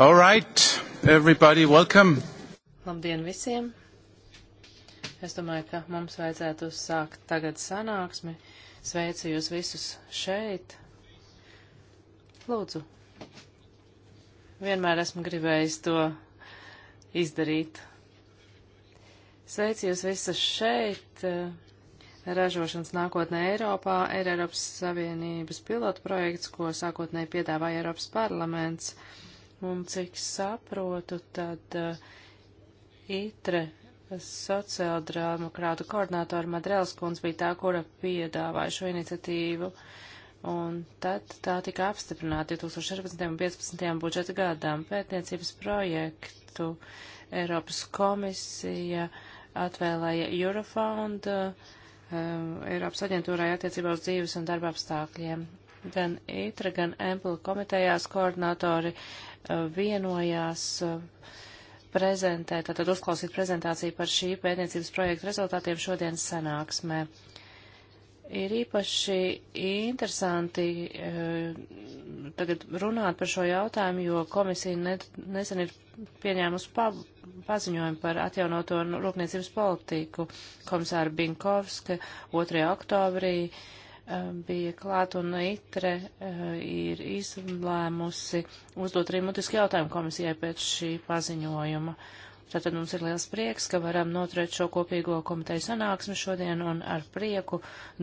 All right, everybody, welcome. Labdien visiem! Es domāju, ka mums vajadzētu uzsākt tagad sanāksmi. Sveicu jūs visus šeit. Lūdzu. Vienmēr esmu gribējis to izdarīt. Sveicu jūs visus šeit. Eh, ražošanas nākotnē Eiropā ir Eiropas Savienības pilotprojekts, ko sākotnēji piedāvāja Eiropas parlaments. Uh, Un cik saprotu, tad uh, ITRE sociāldemokrātu koordinātori Madrēls kundze bija tā, kura piedāvāja šo iniciatīvu. Un tad tā tika apstiprināta 2014. un 2015. budžeta gadām. Pētniecības projektu Eiropas komisija atvēlēja Eurofound uh, eh, Eiropas aģentūrai attiecībā uz dzīves un darba apstākļiem. Gan ITRA, gan EMPLA komitejās koordinātori uh, vienojās eh, prezentēt, tātad uzklausīt prezentāciju par šī pētniecības projekta rezultātiem šodien sanāksmē. Ir īpaši interesanti eh, tagad runāt par šo jautājumu, jo komisija ne, nesen ir pieņēmusi pa, paziņojumu par atjaunoto rūpniecības politiku komisāra Binkovska 2. oktobrī. Uh, Um, bija klāt un ITRE uh, ir izlēmusi uzdot arī mutisku jautājumu komisijai pēc šī paziņojuma. Tātad mums ir liels prieks, ka varam noturēt šo kopīgo komiteju sanāksmi šodien un ar prieku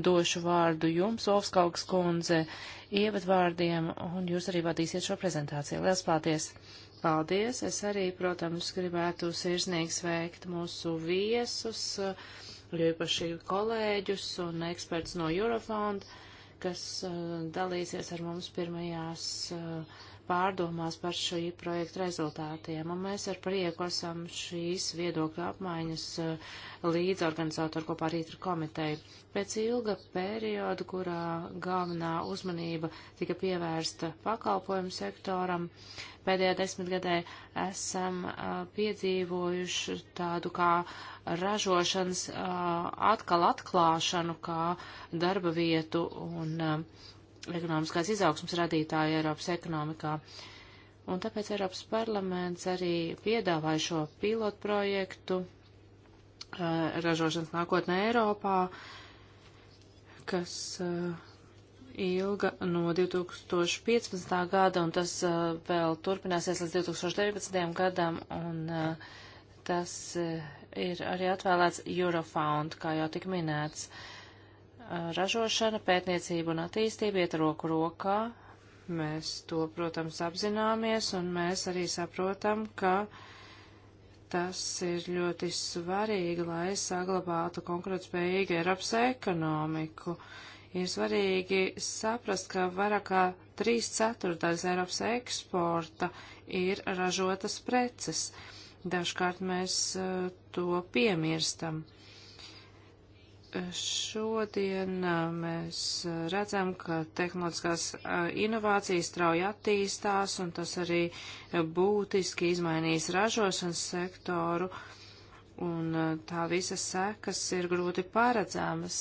došu vārdu jums, Ovskaugs kundze, ievadvārdiem un jūs arī vadīsiet šo prezentāciju. Liels paldies! Paldies! Es arī, protams, gribētu sirsnīgi sveikt mūsu viesus. Uh, un īpaši kolēģus un eksperts no Eurofonda, kas uh, dalīsies ar mums pirmajās uh, pārdomās par šī projekta rezultātiem, un mēs ar prieku esam šīs viedokļu apmaiņas eh, līdzorganizatori kopā ar Rītra komiteju. Pēc ilga perioda, kurā galvenā uzmanība tika pievērsta pakalpojumu sektoram, pēdējā desmitgadē esam eh, piedzīvojuši tādu kā ražošanas eh, atkal atklāšanu, kā darba vietu un ekonomiskās izaugsmas radītāji Eiropas ekonomikā. Un tāpēc Eiropas parlaments arī piedāvāja šo pilotu projektu uh, eh, ražošanas nākotnē Eiropā, kas uh, ilga no 2015. gada, un tas uh, vēl turpināsies līdz 2019. gadam, un tas ir arī atvēlēts Eurofound, kā jau tik minēts. Uh, ražošana, pētniecība un attīstība iet roku rokā. Mēs to, protams, apzināmies un mēs arī saprotam, ka tas ir ļoti svarīgi, lai saglabātu konkurētspējīgu Eiropas ekonomiku. Ir svarīgi saprast, ka vairāk kā trīs ceturtdaļas Eiropas eksporta ir ražotas preces. Dažkārt mēs eh, to piemirstam. Šodien mēs redzam, ka tehnoloģiskās inovācijas strauji attīstās, un tas arī būtiski izmainīs ražošanas sektoru, un tā visas sekas ir grūti paredzamas.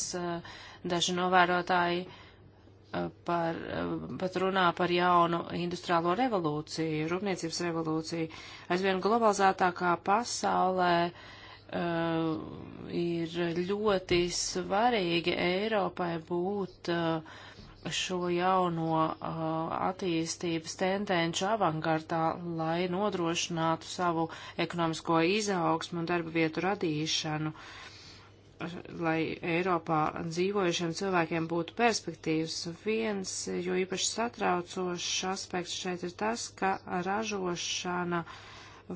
Daži novērotāji par, pat runā par jaunu industriālo revolūciju, rūpniecības revolūciju. Aizvien globalizētākā pasaulē uh, uh, ir ļoti svarīgi Eiropai būt uh, šo jauno uh, attīstības tendenču avangardā, lai nodrošinātu savu ekonomisko izaugsmu un darba vietu radīšanu, uh, lai Eiropā dzīvojušiem cilvēkiem būtu perspektīvas. Viens, jo īpaši satraucošs aspekts šeit ir tas, ka ražošana uh,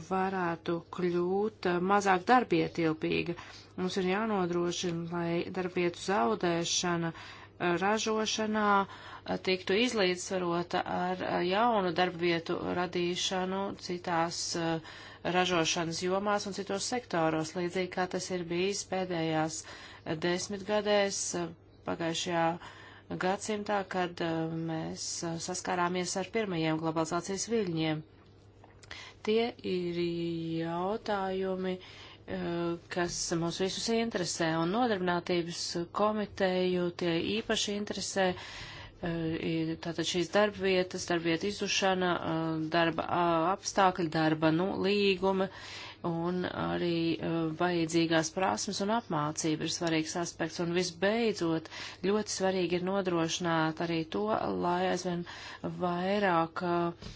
varētu kļūt eh, mazāk darbietilpīga. Mums ir jānodrošina, lai darbietu zaudēšana eh, ražošanā eh, tiktu izlīdzsvarota ar jaunu darbvietu radīšanu citās ražošanas jomās un citos sektoros, līdzīgi kā tas ir bijis pēdējās desmitgadēs pagājušajā gadsimtā, kad mēs saskārāmies ar pirmajiem globalizācijas viļņiem. Tie ir jautājumi, eh, kas mūs visus interesē, un nodarbinātības komiteju tie īpaši interesē. Eh, tātad šīs darbvietas, darbvieta izušana, eh, darba apstākļi, darba nu, līguma un arī vajadzīgās prasmes un apmācība ir svarīgs aspekts. Un visbeidzot, ļoti svarīgi ir nodrošināt arī to, lai aizvien vairāk uh,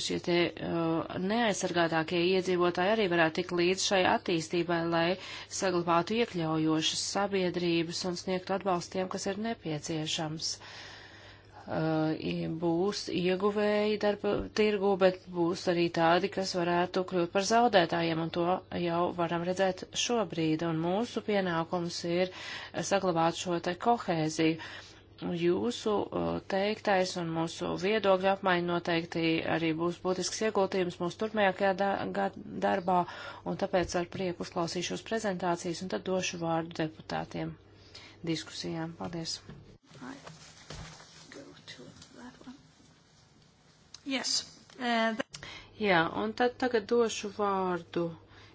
šie tie uh, neaizsargātākie iedzīvotāji arī varētu tikt līdz šai attīstībai, lai saglabātu iekļaujošas sabiedrības un sniegtu atbalstu tiem, kas ir nepieciešams. Uh, būs ieguvēji darba tirgu, bet būs arī tādi, kas varētu kļūt par zaudētājiem, un to jau varam redzēt šobrīd. Un mūsu pienākums ir saglabāt šo te kohēziju. Uh, jūsu uh, teiktais un mūsu viedokļa apmaiņa noteikti arī būs būtisks ieguldījums mūsu turpmākajā da darbā, un tāpēc ar prieku uzklausīšu uz prezentācijas un tad došu vārdu deputātiem diskusijām. Paldies! Yes. Uh, Jā, un tad tagad došu vārdu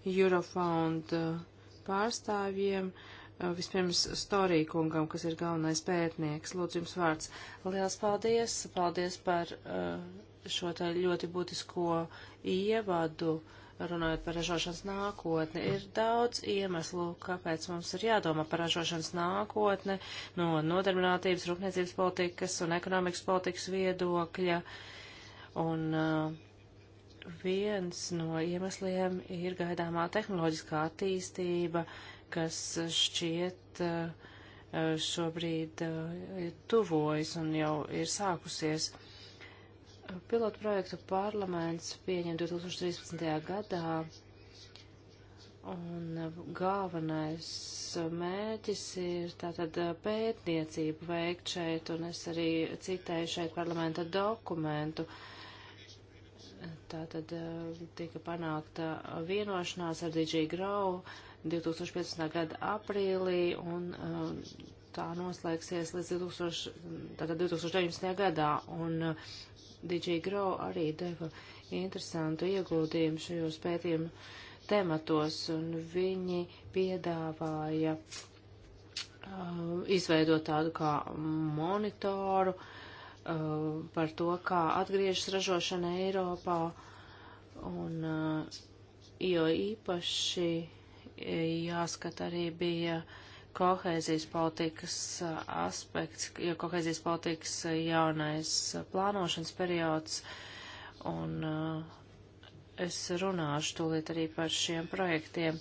Eurofound uh, pārstāvjiem. Uh, Eh, vispirms Storīkungam, kas ir galvenais pētnieks. Lūdzu, jums vārds. Liels paldies! Paldies par eh, šo tā ļoti būtisko ievadu, runājot par ražošanas nākotni. Ir daudz iemeslu, kāpēc mums ir jādomā par ražošanas nākotni no nodarbinātības, rūpniecības politikas un ekonomikas politikas viedokļa. Un eh, viens no iemesliem ir gaidāmā tehnoloģiskā attīstība kas šķiet eh, šobrīd eh, tuvojas un jau ir sākusies. Pilotu projektu parlaments pieņem 2013. gadā, un galvenais mērķis ir tātad eh, pētniecību veikt šeit, un es arī citēju šeit parlamenta dokumentu. Tātad tika panākta vienošanās ar DJ Grau, uh, 2015. gada aprīlī un um, tā noslēgsies līdz 2000, 2019. gadā. Un uh, DJ Grow arī deva interesantu ieguldījumu šajos pētījumu tematos, un viņi piedāvāja uh, izveidot tādu kā monitoru uh, par to, kā atgriežas ražošana Eiropā, un uh, jo īpaši jāskat arī bija kohēzijas politikas aspekts, jo kohēzijas politikas jaunais plānošanas periods, un es runāšu tūlīt arī par šiem projektiem.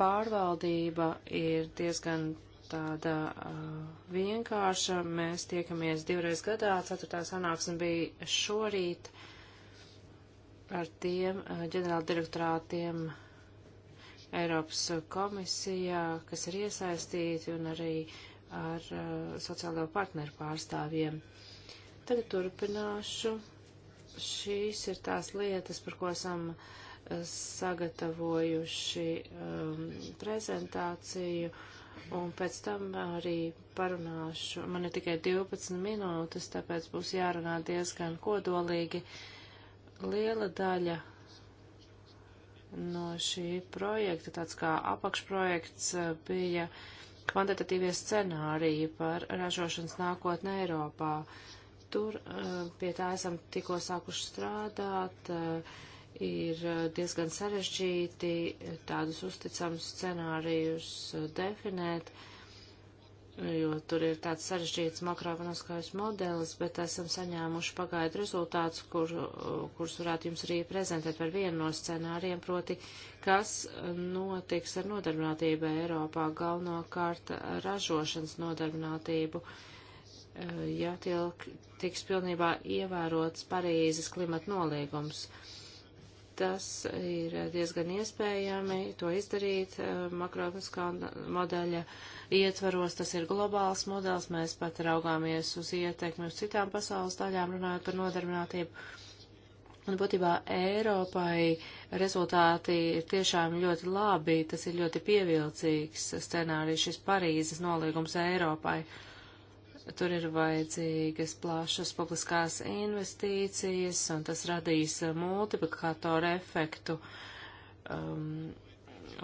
Pārvaldība ir diezgan tāda vienkārša, mēs tiekamies divreiz gadā, ceturtā sanāksme bija šorīt ar tiem ģenerāldirektorātiem, direktorātiem Eiropas komisijā, kas ir iesaistīti un arī ar uh, sociālo partneru pārstāvjiem. Tagad turpināšu. Šīs ir tās lietas, par ko esam uh, sagatavojuši um, prezentāciju, un pēc tam arī parunāšu. Man ir tikai 12 minūtes, tāpēc būs jārunā diezgan kodolīgi. Liela daļa no šī projekta, tāds kā apakšprojekts, eh, bija kvantitatīvie scenāriji par ražošanas nākotni Eiropā. Tur eh, pie tā esam tikko sākuši strādāt, eh, ir diezgan sarežģīti tādus uzticams scenārijus definēt. Uh, jo tur ir tāds sarežģīts makroekonomiskais modelis, bet esam saņēmuši pagaidu rezultātus, kur, kurus varētu jums arī prezentēt par vienu no scenāriem, proti, kas notiks ar nodarbinātību Eiropā, galvenokārt ražošanas nodarbinātību, eh, ja tiek, tiks pilnībā ievērots Parīzes klimata noliegums. Uh, Tas ir diezgan iespējami to izdarīt eh, makroekonomiskā modeļa ietvaros. Tas ir globāls modelis. Mēs pat raugāmies uz ietekmi uz citām pasaules daļām, runājot par nodarbinātību. Un būtībā Eiropai rezultāti ir tiešām ļoti labi. Tas ir ļoti pievilcīgs scenārijs, šis Parīzes nolīgums Eiropai. Uh, Tur ir vajadzīgas plašas publiskās investīcijas, un tas radīs uh, multiplikātoru efektu um,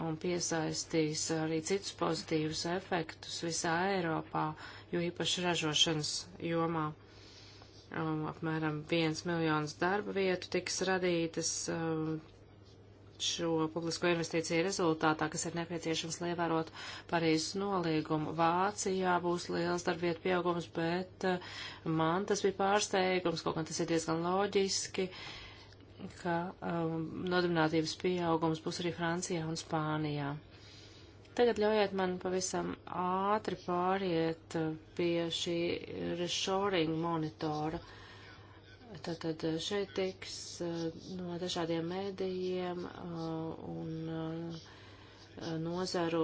un piesaistīs arī citus pozitīvus efektus visā Eiropā, jo īpaši ražošanas jomā. Um, apmēram viens miljonus darba vietu tiks radītas, um, šo publisko investīciju rezultātā, kas ir nepieciešams, lai ievērot Parīzes nolīgumu. Vācijā būs liels darbvietu pieaugums, bet eh, man tas bija pārsteigums, kaut gan tas ir diezgan loģiski, ka um, nodarbinātības pieaugums būs arī Francijā un Spānijā. Tagad ļaujiet man pavisam ātri pāriet eh, pie šī reshoring monitora. Uh, Tātad eh, šeit tiks eh, no dažādiem mēdījiem eh, un nozaru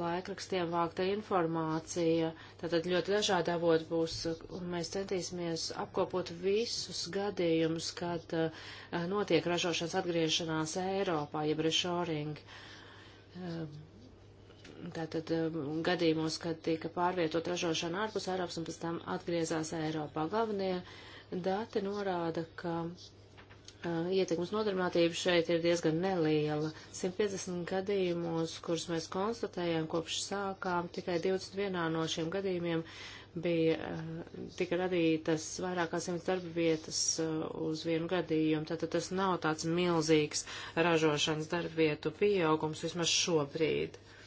laikrakstiem vākta informācija. Tātad ļoti dažādi avoti būs, un mēs centīsimies apkopot visus gadījumus, kad notiek ražošanas atgriešanās Eiropā, jeb reshoring. Tātad gadījumos, kad tika pārvietot ražošana ārpus Eiropas un pēc tam atgriezās Eiropā. Galvenie Dati norāda, ka uh, ietekmes nodarbinātība šeit ir diezgan neliela. 150 gadījumos, kurus mēs konstatējām kopš sākām, tikai 21 no šiem gadījumiem bija, uh, tika radītas vairāk kā 100 darba vietas uh, uz vienu gadījumu. Tātad tas nav tāds milzīgs ražošanas darba vietu pieaugums vismaz šobrīd. Uh,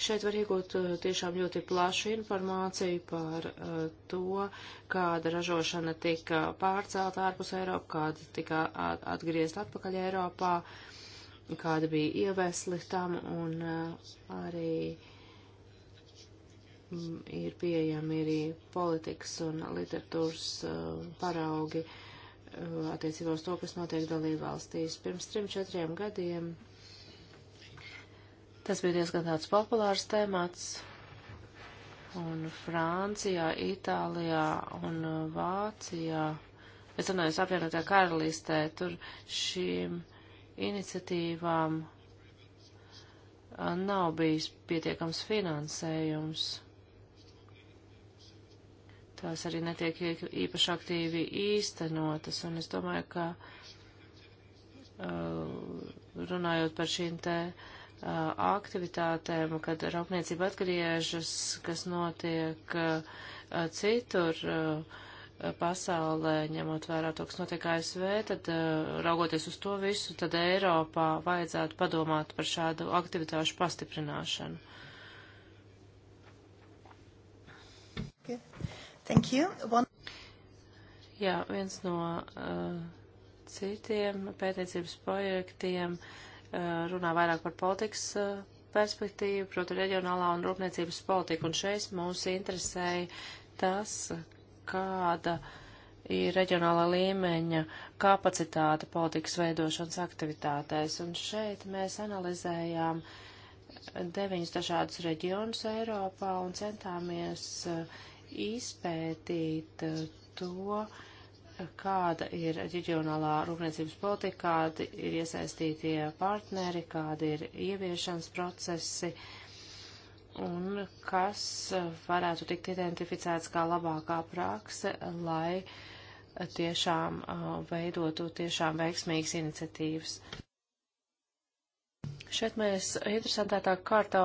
Šeit var iegūt eh, tiešām ļoti plašu informāciju par eh, to, kāda ražošana tika pārcelta ārpus Eiropu, kāda tika atgriezt atpakaļ Eiropā, kāda bija ievesli tam un eh, arī mm, ir pieejami arī politikas un literatūras paraugi attiecībā uz to, kas notiek dalībvalstīs. Pirms trim, četriem gadiem Tas bija diezgan tāds populārs temats. Un Francijā, Itālijā un uh, Vācijā, es runāju, apvienotā karalistē, tur šīm iniciatīvām uh, nav bijis pietiekams finansējums. Tās arī netiek īpaši aktīvi īstenotas, un es domāju, ka uh, runājot par šīm te uh, Uh, aktivitātēm, kad rūpniecība atgriežas, kas notiek uh, uh, citur pasaulē, ņemot vērā to, kas notiek ASV, tad raugoties uz to visu, tad Eiropā vajadzētu padomāt par šādu aktivitāšu pastiprināšanu. Okay. Thank you. One... Jā, viens no uh, citiem pētniecības projektiem uh, Eh, runā vairāk par politikas eh, perspektīvu, proti reģionālā un rūpniecības politika. Un šeit mūs interesēja tas, kāda ir reģionāla līmeņa kapacitāte politikas veidošanas aktivitātēs. Un šeit mēs analizējām deviņus dažādus reģionus Eiropā un centāmies eh, izpētīt to, uh, kāda ir reģionālā rūpniecības politika, kādi ir iesaistītie partneri, kādi ir ieviešanas procesi un kas varētu tikt identificēts kā labākā prakse, lai tiešām veidotu tiešām veiksmīgas iniciatīvas. Šeit mēs interesantētā kārtā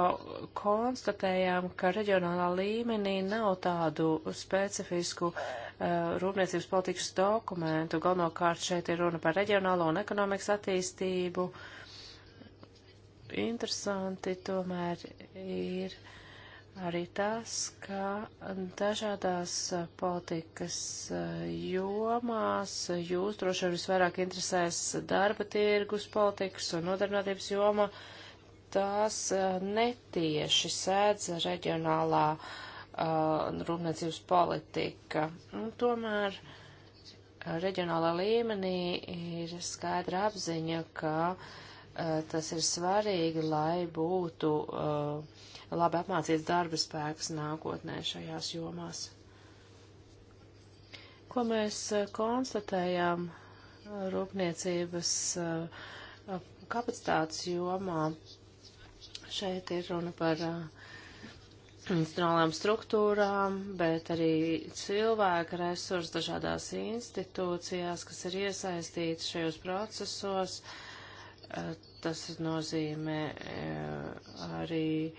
konstatējām, ka reģionālā līmenī nav tādu specifisku uh, Uh, rūpniecības politikas dokumentu. Galvenokārt šeit ir runa par reģionālo un ekonomikas attīstību. Interesanti tomēr ir arī tas, ka dažādās uh, politikas uh, jomās jūs droši vien visvairāk interesēs darba tirgus politikas un nodarbinātības joma, tās netieši sēdz reģionālā uh, uh, rūpniecības politika. Un nu, tomēr uh, reģionālā līmenī ir skaidra apziņa, ka uh, tas ir svarīgi, lai būtu uh, labi apmācīts darba spēks nākotnē šajās jomās. Ko mēs uh, konstatējām uh, rūpniecības kapacitātes jomā? Šeit ir runa par uh, institucionālām struktūrām, bet arī cilvēka resursu dažādās institūcijās, kas ir iesaistīti šajos procesos. Eh, tas nozīmē eh, arī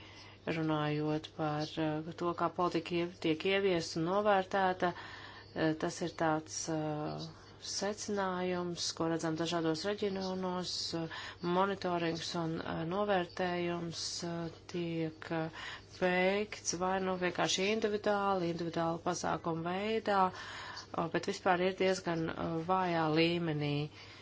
runājot par eh, to, kā politika tiek ieviesta un novērtēta. Tas ir tāds uh, secinājums, ko redzam dažādos reģionos, monitorings un e, novērtējums e, tiek e, veikts vai nu vienkārši individuāli, individuāli pasākumu veidā, bet vispār ir diezgan vājā līmenī. Uh,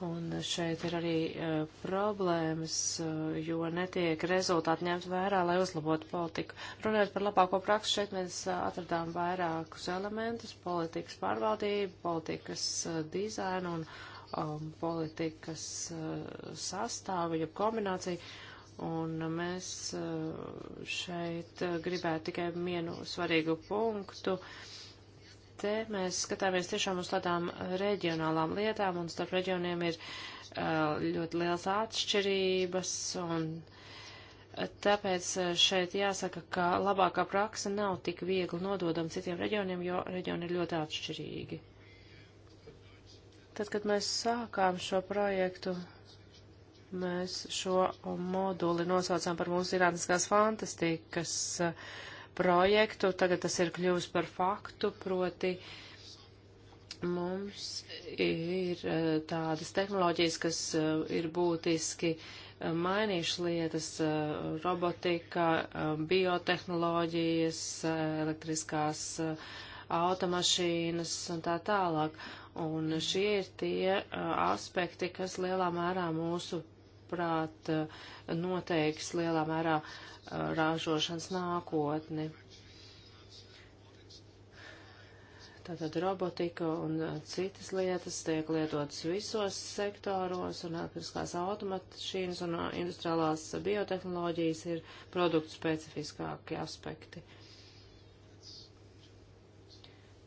Un šeit ir arī uh, problēmas, uh, jo netiek rezultāti ņemt vērā, lai uzlabotu politiku. Runājot par labāko praksi, šeit mēs uh, atradām vairākus elementus - politikas pārvaldību, politikas dizainu un um, politikas sastāvu, jeb kombināciju. Un mēs šeit gribētu tikai vienu svarīgu punktu. Uh, te mēs skatāmies tiešām uz tādām reģionālām lietām, un starp reģioniem ir ļoti liels atšķirības, un Tāpēc šeit jāsaka, ka labākā praksa nav tik viegli nododama citiem reģioniem, jo reģioni ir ļoti atšķirīgi. Tad, kad mēs sākām šo projektu, mēs šo moduli nosaucām par mūsu zinātniskās fantastikas uh, projektu, tagad tas ir kļuvis par faktu, proti mums ir eh, tādas tehnoloģijas, kas eh, ir būtiski eh, mainījušas lietas - robotika, biotehnoloģijas, elektriskās automašīnas un tā tālāk. Un šie ir tie aspekti, kas lielā mērā mūsu manuprāt, noteiks lielā mērā uh, ražošanas nākotni. Tātad robotika un uh, citas lietas tiek lietotas visos sektoros, un elektriskās automašīnas un uh, industriālās biotehnoloģijas ir produktu specifiskākie aspekti.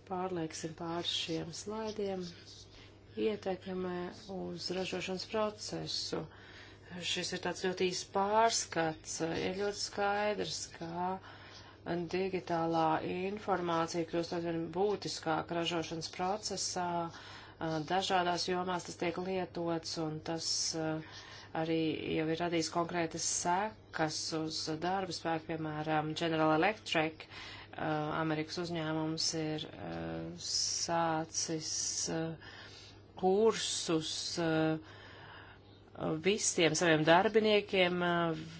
Pārlieksim pār šiem slaidiem. Ietekme uz ražošanas procesu. Uh, šis ir tāds ļoti īsts pārskats. Ir ļoti skaidrs, ka digitālā informācija kļūst aizvien būtiskāk ražošanas procesā. Dažādās jomās tas tiek lietots un tas arī jau ir radījis konkrētas sekas uz darba spēku, piemēram, General Electric. Amerikas uzņēmums ir sācis kursus uh, visiem saviem darbiniekiem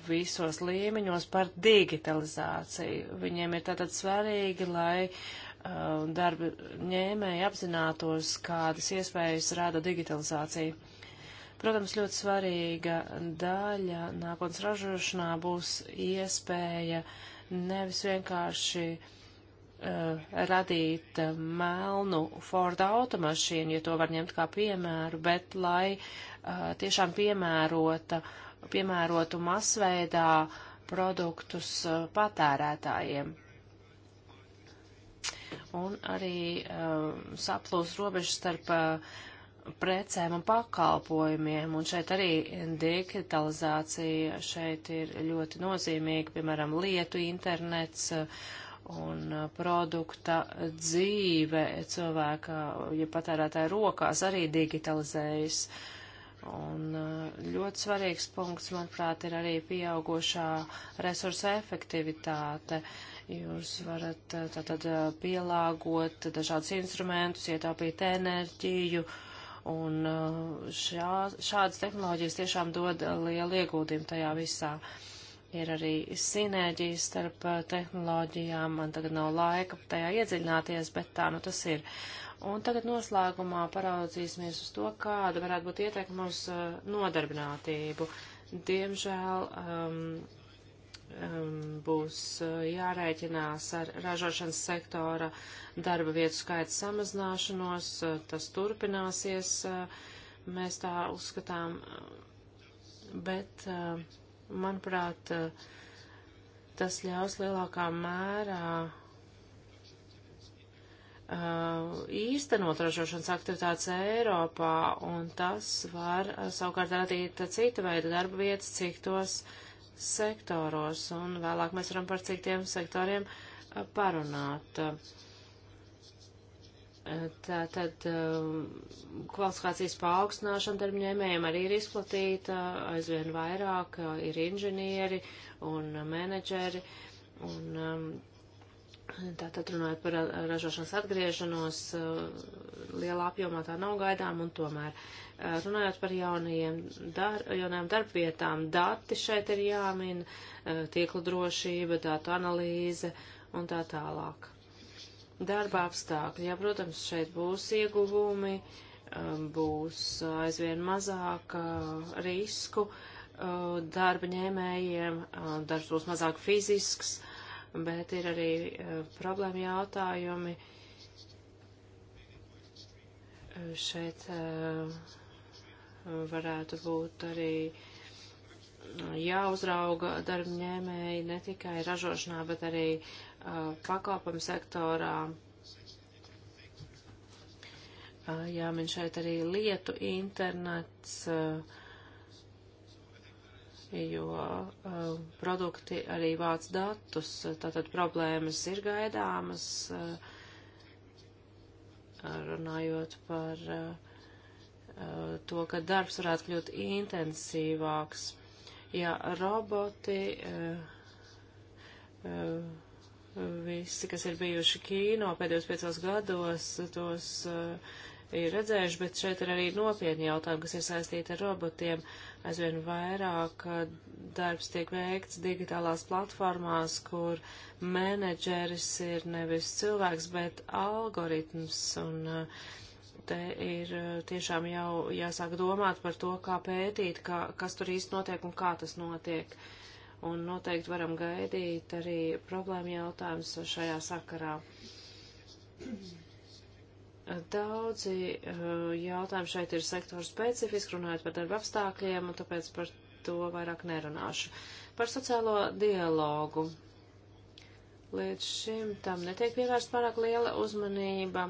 visos līmeņos par digitalizāciju. Viņiem ir tātad svarīgi, lai darba ņēmēji apzinātos, kādas iespējas rada digitalizācija. Protams, ļoti svarīga daļa nākotnes ražošanā būs iespēja nevis vienkārši uh, uh, radīt uh, melnu Forda automašīnu, ja to var ņemt kā piemēru, bet lai uh, tiešām piemērota, piemērotu masveidā produktus uh, patērētājiem. Un arī uh, saplūs robežas starp uh, precēm un pakalpojumiem, un šeit arī digitalizācija šeit ir ļoti nozīmīga, piemēram, lietu internets un uh, produkta dzīve cilvēka, ja patērētāja rokās arī digitalizējas. Un uh, ļoti svarīgs punkts, manuprāt, ir arī pieaugošā resursa efektivitāte. Jūs varat uh, tātad pielāgot dažādus instrumentus, ietaupīt enerģiju, un šā, šādas tehnoloģijas tiešām dod lielu ieguldījumu tajā visā. Uh, ir arī sinēģija starp uh, tehnoloģijām. Man tagad nav laika tajā iedziļināties, bet tā nu tas ir. Un tagad noslēgumā paraudzīsimies uz to, kāda varētu būt ieteikuma uz uh, nodarbinātību. Diemžēl um, um, būs uh, jārēķinās ar ražošanas sektora darba vietu skaita samazināšanos. Uh, tas turpināsies, uh, mēs tā uzskatām, bet. Uh, Manuprāt, eh, tas ļaus lielākā mērā eh, īstenot ražošanas aktivitātes Eiropā, un tas var eh, savukārt radīt citu veidu darba vietas citos sektoros, un vēlāk mēs varam par citiem sektoriem parunāt. Uh, Tā tad um, kvalifikācijas paaugstināšana darbņēmējiem arī ir izplatīta, aizvien vairāk uh, ir inženieri un menedžeri. Un, um, Tātad runājot par ražošanas atgriešanos, uh, lielā apjomā tā nav gaidām un tomēr. Uh, runājot par jaunajiem dar, jaunajām darbvietām, dati šeit ir jāmin, tīkla drošība, datu analīze un tā tālāk darba apstākļi. Jā, protams, šeit būs ieguvumi, um, būs aizvien mazāk uh, risku uh, darba ņēmējiem, uh, darbs būs mazāk fizisks, bet ir arī problēma jautājumi. Šeit varētu būt arī jāuzrauga darba ņēmēji ne tikai ražošanā, bet arī uh, Uh, pakalpojumu sektorā. Uh, Jāmin šeit arī lietu internets, uh, jo produkti arī vāc datus, tātad problēmas ir gaidāmas, runājot par to, ka darbs varētu kļūt intensīvāks. Ja roboti uh, Visi, kas ir bijuši kīno pēdējos piecos gados, tos uh, ir redzējuši, bet šeit ir arī nopietni jautājumi, kas ir saistīti ar robotiem. Aizvien vairāk eh, darbs tiek veikts digitālās platformās, kur menedžeris ir nevis cilvēks, bet algoritms. Un, uh, Te ir tiešām jau jāsāk domāt par to, kā pētīt, kā, kas tur īsti notiek un kā tas notiek. Uh, un noteikti varam gaidīt arī problēma jautājums šajā sakarā. Daudzi eh, jautājumi šeit ir sektoru specifiski, runājot par darba apstākļiem, un tāpēc par to vairāk nerunāšu. Par sociālo dialogu. Līdz šim tam netiek pievērst pārāk liela uzmanība.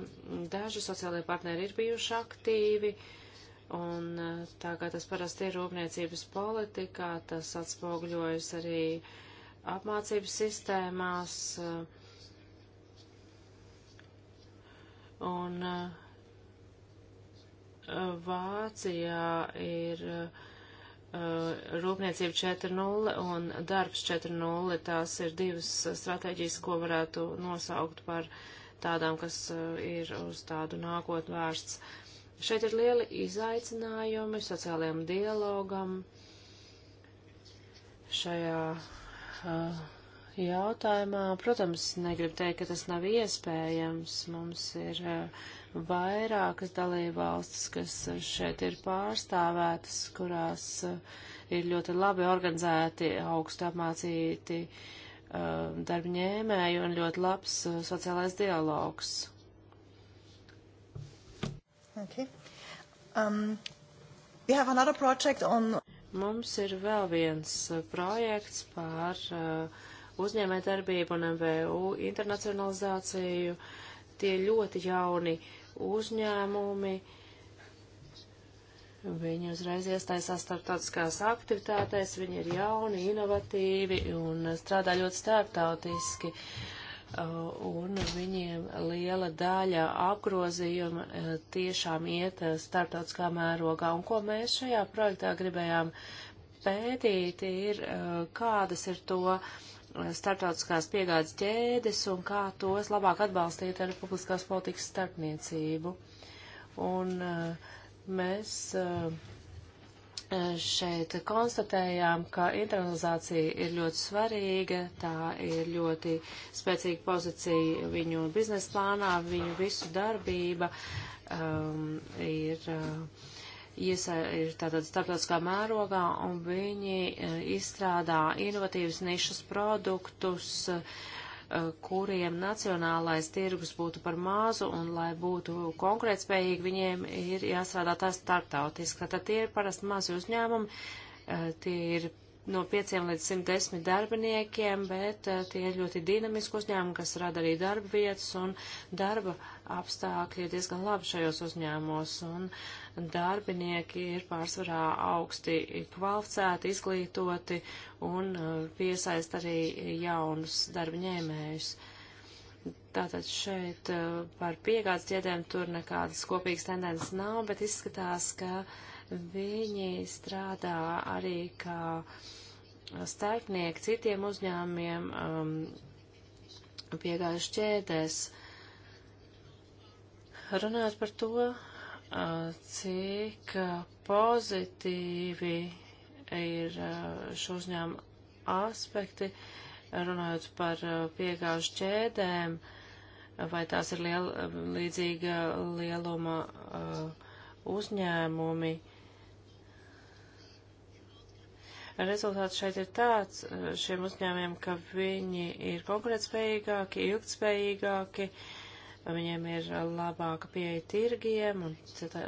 Daži sociālajie partneri ir bijuši aktīvi. Uh, Un eh, tā kā tas parasti ir rūpniecības politikā, tas atspoguļojas arī apmācības sistēmās. Eh, un eh, Vācijā ir rūpniecība 4.0 un darbs 4.0. Tās ir divas stratēģijas, ko varētu nosaukt par tādām, kas ir uz tādu nākotnē vērsts. Uh, Šeit ir lieli izaicinājumi sociālajam dialogam šajā uh, jautājumā. Protams, negribu teikt, ka tas nav iespējams. Mums ir uh, vairākas dalībvalstis, kas šeit ir pārstāvētas, kurās uh, ir ļoti labi organizēti, augstu apmācīti uh, darba ņēmēji un ļoti labs uh, sociālais dialogs. Okay. Um, we have another project on... Mums ir vēl viens uh, projekts par uh, uzņēmē darbību un MVU internacionalizāciju. Tie ļoti jauni uzņēmumi. Uh, Viņi uzreiz iesaistās starptautiskās aktivitātēs, viņi ir jauni, inovatīvi un uh, strādā ļoti starptautiski. Uh, un viņiem liela daļa apgrozījuma uh, tiešām iet uh, starptautiskā mērogā. Un ko mēs šajā projektā gribējām pētīt, ir kādas ir to starptautiskās piegādes ķēdes un kā tos labāk atbalstīt ar publiskās politikas starpniecību. Un mēs uh, šeit konstatējām, ka internalizācija ir ļoti svarīga, tā ir ļoti spēcīga pozīcija viņu biznesa plānā, viņu visu darbība um, ir, uh, iesa, ir tātad starptautiskā mērogā, un viņi uh, izstrādā inovatīvas nišas produktus, uh, Eh, kuriem nacionālais tirgus būtu par mazu un, lai būtu konkurētspējīgi, viņiem ir jāstrādā tā starptautiski. Tad tie ir parasti mazi uzņēmumi, eh, tie ir no 5 līdz 110 darbiniekiem, bet eh, tie ir ļoti dinamiski uzņēmumi, kas rada arī darba vietas un darba apstākļi ir diezgan labi šajos uzņēmumos. Un darbinieki ir pārsvarā augsti kvalificēti, izglītoti un eh, piesaist arī jaunus darbiņēmējus. Tātad šeit eh, par piegādes ķēdēm tur nekādas kopīgas tendences nav, bet izskatās, ka uh, Viņi strādā arī kā starpnieki citiem uzņēmumiem um, piegājuši ķēdēs. Runājot par to, uh, cik pozitīvi ir uh, šo uzņēmumu aspekti, runājot par uh, piegāžu ķēdēm, vai tās ir liel, uh, līdzīga lieluma uh, uzņēmumi. Uh, Rezultāts šeit ir tāds eh, šiem uzņēmiem, ka viņi ir konkurētspējīgāki, ilgtspējīgāki, viņiem ir eh, labāka pieeja tirgiem un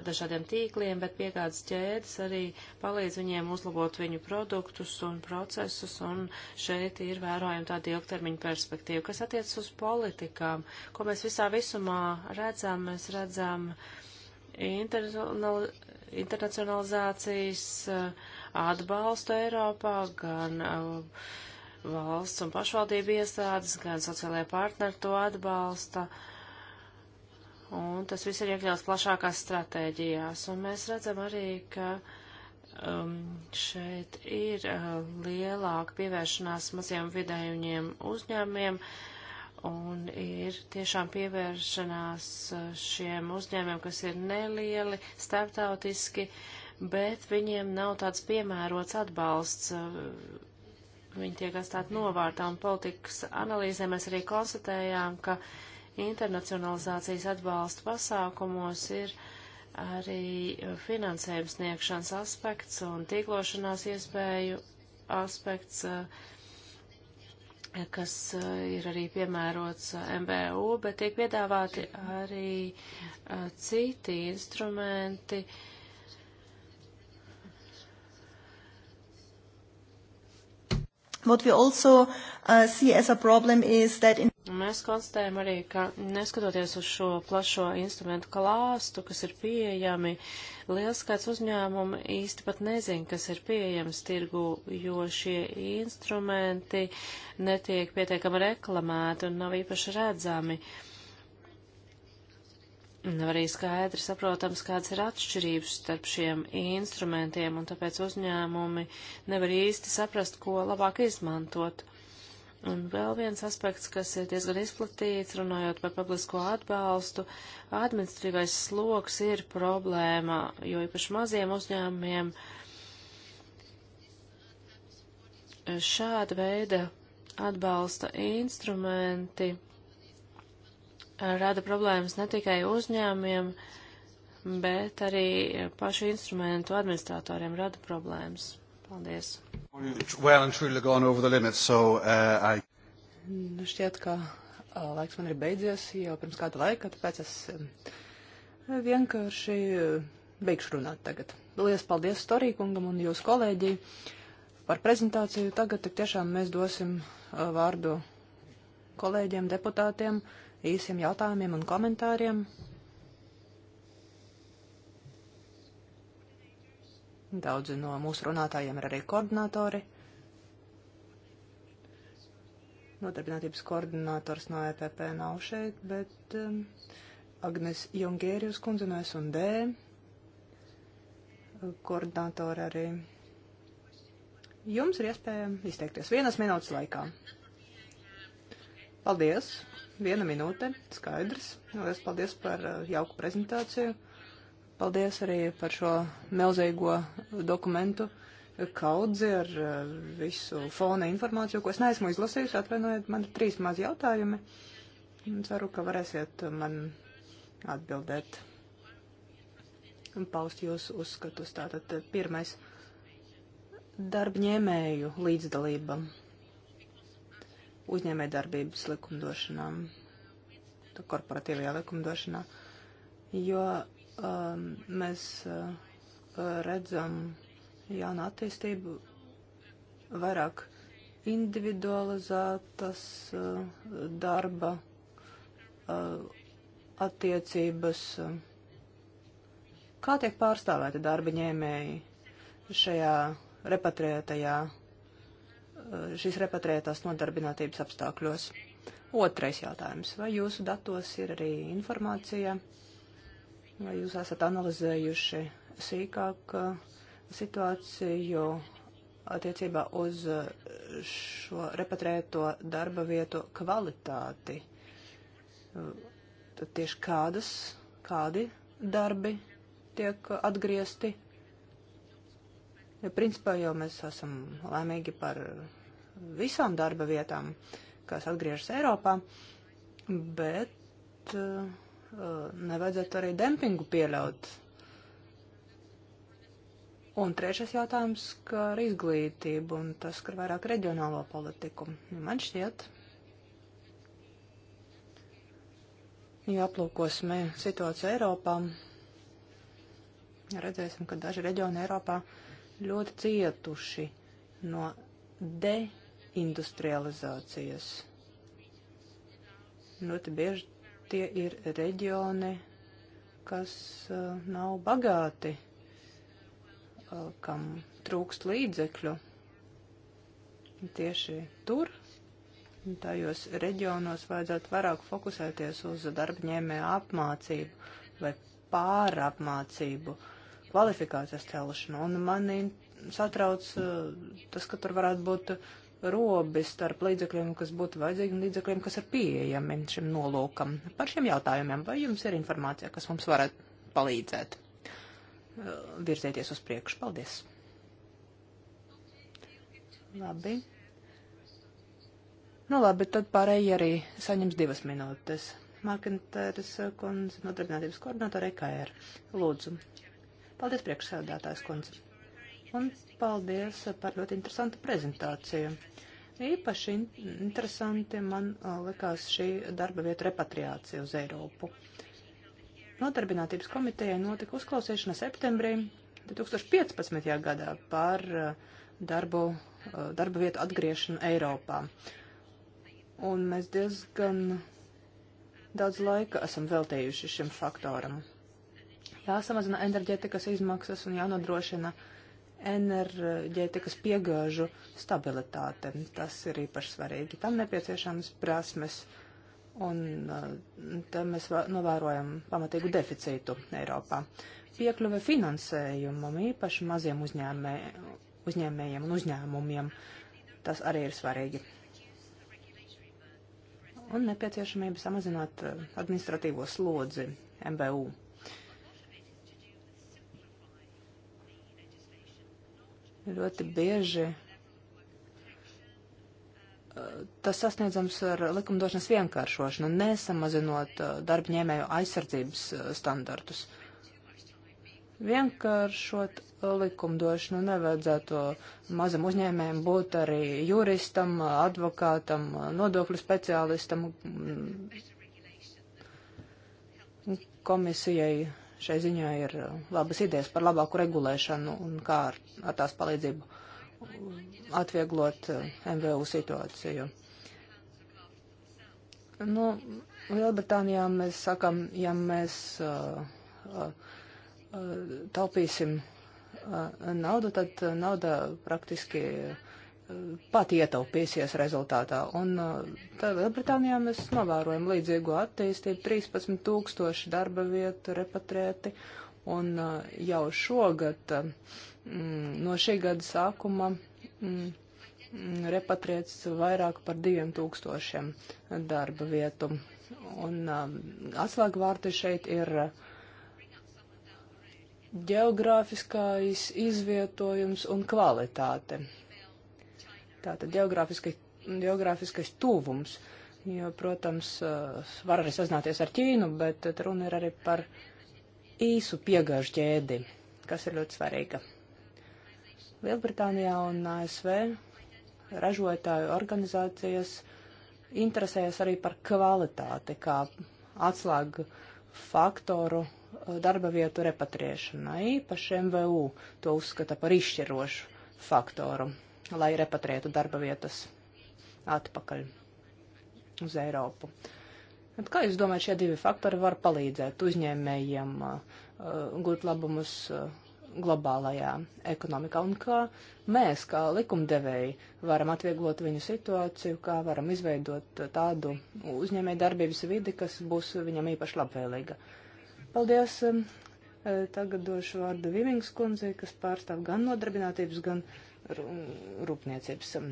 dažādiem tīkliem, bet piegādes ķēdes arī palīdz viņiem uzlabot viņu produktus un procesus, un šeit ir vērojama tāda ilgtermiņa perspektīva, kas attiec uz politikām, ko mēs visā visumā redzam, mēs redzam internacionalizācijas, uh, atbalstu Eiropā, gan uh, valsts un pašvaldību iestādes, gan sociālajie partneri to atbalsta. Un tas viss ir iekļauts plašākās stratēģijās. Un mēs redzam arī, ka um, šeit ir uh, lielāka pievēršanās maziem vidējiem uzņēmiem un ir tiešām pievēršanās uh, šiem uzņēmiem, kas ir nelieli, starptautiski. Uh, bet viņiem nav tāds piemērots atbalsts. Uh, viņi tiek atstāti novārtā, un politikas analīzē mēs arī konstatējām, ka internacionalizācijas atbalsta pasākumos ir arī finansējums sniegšanas aspekts un tīklošanās iespēju aspekts, uh, kas uh, ir arī piemērots MBU, bet tiek piedāvāti arī citi instrumenti, uh, What we also uh, see as a problem is that in Mēs konstatējam arī, ka neskatoties uz šo plašo instrumentu klāstu, kas ir pieejami, liels kāds uzņēmumu īsti pat nezin, kas ir pieejams tirgu, jo šie instrumenti netiek pietiekami reklamēti un nav īpaši redzami. Uh, Nav arī skaidri saprotams, kādas ir atšķirības starp šiem instrumentiem, un tāpēc uzņēmumi nevar īsti saprast, ko labāk izmantot. Un vēl viens aspekts, kas ir diezgan izplatīts, runājot par publisko atbalstu, administratīvais sloks ir problēma, jo īpaši maziem uzņēmumiem šāda veida atbalsta instrumenti rada problēmas ne tikai uzņēmiem, bet arī pašu instrumentu administratoriem rada problēmas. Paldies. Well limit, so, uh, I... Nu šķiet, ka uh, laiks man ir beidzies jau pirms kāda laika, tāpēc es um, vienkārši uh, beigšu runāt tagad. Lielas paldies Storīkungam un jūsu kolēģi par prezentāciju. Tagad tik tiešām mēs dosim uh, vārdu kolēģiem, deputātiem īsiem jautājumiem un komentāriem. Daudzi no mūsu runātājiem ir arī koordinatori. Nodarbinātības koordinators no EPP nav šeit, bet um, Agnes Jungērijus kundze no S&D koordinatori arī. Jums ir iespēja izteikties vienas minūtes laikā. Paldies! Viena minūte, skaidrs. Lielas paldies par uh, jauku prezentāciju. Paldies arī par šo milzīgo dokumentu kaudzi ar uh, visu fona informāciju, ko es neesmu izlasījusi. Atvainojiet, man ir trīs mazi jautājumi. Ceru, ka varēsiet man atbildēt un paust jūsu uzskatus. Tātad uh, pirmais - darbņēmēju līdzdalība uzņēmē darbības likumdošanā, korporatīvajā likumdošanā, jo um, mēs uh, redzam jaunu attīstību vairāk individualizētas uh, darba uh, attiecības. Kā tiek pārstāvēti darba ņēmēji šajā repatriētajā šīs repatriētās nodarbinātības apstākļos. Otrais jautājums. Vai jūsu datos ir arī informācija? Vai jūs esat analizējuši sīkāk uh, situāciju attiecībā uz uh, šo repatriēto darba vietu kvalitāti? Uh, tad tieši kādas, kādi darbi tiek atgriezti? Jo principā jau mēs esam laimīgi par visām darba vietām, kas atgriežas Eiropā, bet uh, nevajadzētu arī dempingu pieļaut. Un trešais jautājums, kā ar izglītību un tas, ka vairāk reģionālo politiku. Nu, man šķiet, ja aplūkosim situāciju Eiropā, redzēsim, ka daži reģioni Eiropā uh, ļoti cietuši no deindustrializācijas. Ļoti bieži tie ir reģioni, kas uh, nav bagāti, uh, kam trūkst līdzekļu. Tieši tur, tajos reģionos, vajadzētu vairāk fokusēties uz darbņēmē apmācību vai pārapmācību. Uh, kvalifikācijas celšanu. Un mani satrauc eh, tas, ka tur varētu būt robi starp līdzekļiem, kas būtu vajadzīgi, un līdzekļiem, kas ir pieejami šim nolūkam. Par šiem jautājumiem, vai jums ir informācija, kas mums varētu palīdzēt eh, virzēties uz priekšu? Paldies! Labi. Nu labi, tad pārējie arī saņems divas minūtes. Mākintēras kundze, nodarbinātības koordinātore KR. Lūdzu. Paldies, priekšsēdētājs kundze. Un paldies par ļoti interesantu prezentāciju. Īpaši interesanti man likās šī darba vietu repatriācija uz Eiropu. Nodarbinātības komitejai notika uzklausīšana septembrī 2015. gadā par darbu, darba vietu atgriešanu Eiropā. Un mēs diezgan daudz laika esam veltījuši šim faktoram jāsamazina enerģētikas izmaksas un jānodrošina enerģētikas piegāžu stabilitāte. Tas ir īpaši svarīgi. Tam nepieciešams prasmes, un uh, te mēs novērojam pamatīgu deficītu Eiropā. Piekļuve finansējumam īpaši maziem uzņēmē, uzņēmējiem un uzņēmumiem. Tas arī ir svarīgi un nepieciešamība samazināt uh, administratīvo slodzi MBU. Ļoti bieži eh, tas sasniedzams ar likumdošanas vienkāršošanu, nesamazinot eh, darbņēmēju aizsardzības eh, standartus. Vienkāršot likumdošanu nevajadzētu mazam uzņēmējiem būt arī juristam, advokātam, nodokļu speciālistam, mm, komisijai šai ziņā ir uh, labas idejas par labāku regulēšanu un kā ar, ar tās palīdzību atvieglot uh, MVU situāciju. Nu, Lielbritānijā mēs sakam, ja mēs uh, uh, taupīsim uh, naudu, tad nauda praktiski uh, pat ietaupīsies rezultātā. Un uh, Lielbritānijā mēs novērojam līdzīgu attīstību - 13 tūkstoši darba vietu repatriēti, un uh, jau šogad, uh, mm, no šī gada sākuma, mm, mm repatriēts vairāk par 2000 darba vietu. Un atslēgvārti šeit ir geogrāfiskais izvietojums un kvalitāte. Tātad geogrāfiskais tuvums. Jo, protams, eh, var arī sazināties ar Ķīnu, bet runa ir arī par īsu piegāžu ķēdi, kas ir ļoti svarīga. Lielbritānijā un ASV ražotāju organizācijas interesējas arī par kvalitāti kā atslēgu faktoru eh, darba vietu repatriešanai, īpaši MVU to uzskata par izšķirošu faktoru lai repatrētu darba vietas atpakaļ uz Eiropu. Bet kā jūs domājat, šie divi faktori var palīdzēt uzņēmējiem uh, uh, gūt labumus uh, globālajā ekonomikā un kā mēs, kā likumdevēji, varam atvieglot viņu situāciju, kā varam izveidot tādu uzņēmēju darbības vidi, kas būs viņam īpaši labvēlīga. Paldies! Um, tagad došu vārdu Vivings kundzei, kas pārstāv gan nodarbinātības, gan uh, rūpniecības um,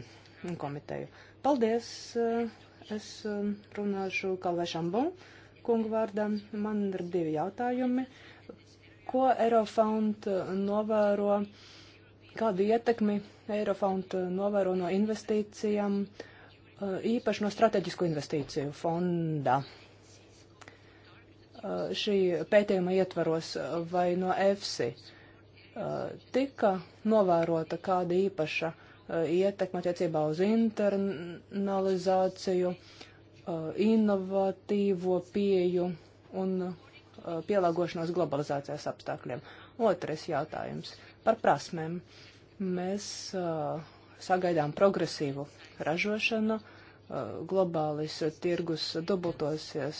komiteju. Paldies! Uh, es um, runāšu Kalvē Šambu kungu vārdā. Man ir divi jautājumi. Ko Eurofound uh, novēro, kādu ietekmi Eurofound uh, novēro no investīcijām, īpaši no strateģisku investīciju fonda? Šī pētījuma ietvaros vai no EFSI? Uh, Eh, tika novērota kāda īpaša eh, ietekme attiecībā uz internalizāciju, eh, inovatīvo pieju un pielāgošanos globalizācijas apstākļiem. Otrais jautājums par prasmēm. Mēs sagaidām progresīvu ražošanu, globālis tirgus dubultosies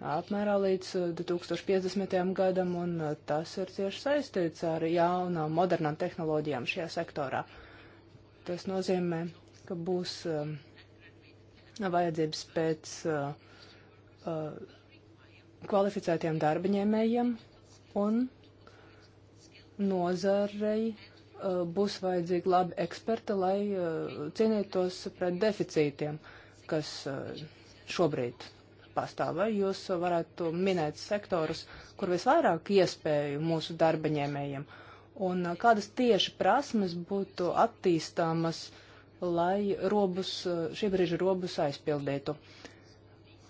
apmērā līdz 2050. Uh, gadam, un uh, tas ir cieši saistīts ar jaunām modernām tehnoloģijām šajā sektorā. Tas nozīmē, ka būs um, vajadzības pēc uh, uh, kvalificētiem darbaņēmējiem un nozarei uh, būs vajadzīgi labi eksperti, lai uh, cienītos pret deficītiem, kas uh, šobrīd pastāv, vai jūs varētu minēt sektorus, kur visvairāk iespēju mūsu darbaņēmējiem, un kādas tieši prasmes būtu attīstāmas, lai robus, šī brīža robus aizpildītu?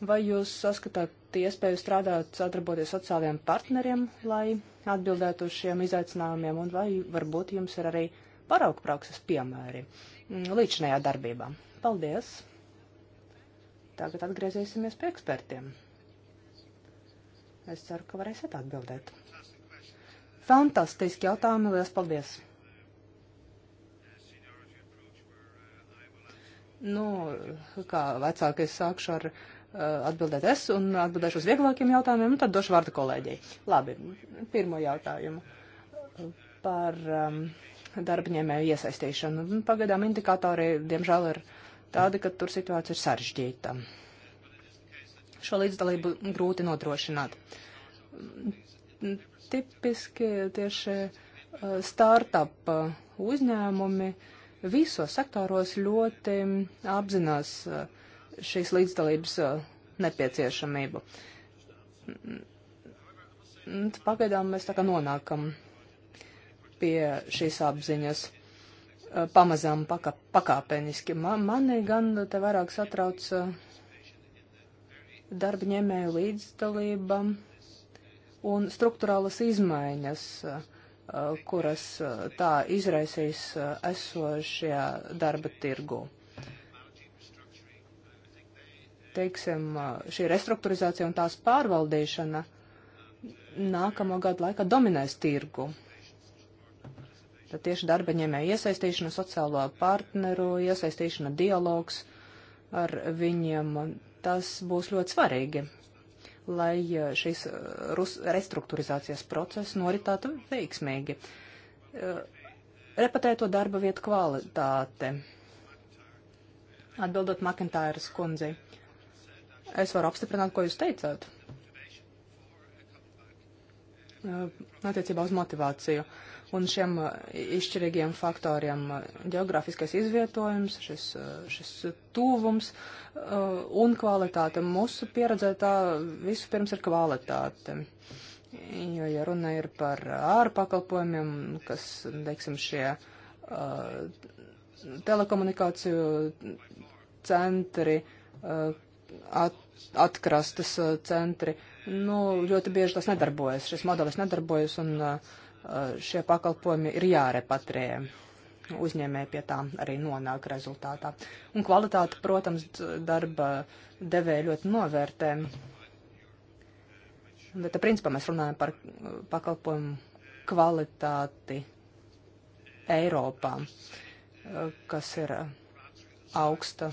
Vai jūs saskatāt iespēju strādāt, sadarboties sociālajiem partneriem, lai atbildētu uz šiem izaicinājumiem, un vai varbūt jums ir arī paraugu prakses piemēri līdzinējā darbībā? Paldies! Tagad atgriezīsimies pie ekspertiem. Es ceru, ka varēsiet atbildēt. Fantastiski jautājumi, liels paldies! Nu, kā vecāki, es sākšu ar uh, atbildēt es un atbildēšu uz vieglākiem jautājumiem, un tad došu vārdu kolēģei. Labi, pirmo jautājumu par um, darbaņēmēju iesaistīšanu. Pagaidām indikātori, diemžēl, ir tādi, ka tur situācija ir sarežģīta. Šo līdzdalību grūti nodrošināt. Tipiski tieši uh, startup uzņēmumi visos sektoros ļoti apzinās uh, šīs līdzdalības uh, nepieciešamību. Pagaidām mēs tā kā nonākam pie šīs apziņas. Eh, pamazām paka, pakāpeniski. Man, mani gan te vairāk satrauc eh, darba ņēmēju līdzdalība un struktūrālas izmaiņas, eh, kuras tā izraisīs esošajā darba tirgu. Teiksim, šī restruktūrizācija un tās pārvaldīšana nākamo gadu laikā dominēs tirgu tieši darba ņēmēja iesaistīšana, sociālo partneru iesaistīšana, dialogs ar viņiem. Tas būs ļoti svarīgi, lai uh, šīs uh, restruktūrizācijas process noritātu veiksmīgi. Uh, repetēto darba vietu kvalitāte. Atbildot Makintāras kundzei, es varu apstiprināt, ko jūs teicāt attiecībā uz motivāciju. Uh, un šiem uh, izšķirīgiem faktoriem uh, - geogrāfiskais izvietojums, šis, uh, šis tuvums un kvalitāte. Mūsu pieredzē tā vispirms ir kvalitāte. Jo, ja runa ir par ārpakalpojumiem, kas, teiksim, šie telekomunikāciju centri, at, atkrastas centri, nu, ļoti bieži tas nedarbojas, šis modelis nedarbojas un uh, Eh, šie pakalpojumi ir jārepatrē. Uzņēmēji pie tā arī nonāk rezultātā. Un kvalitāte, protams, darba devēja ļoti novērtē. Bet, eh, principā, mēs runājam par eh, pakalpojumu kvalitāti Eiropā, kas ir augsta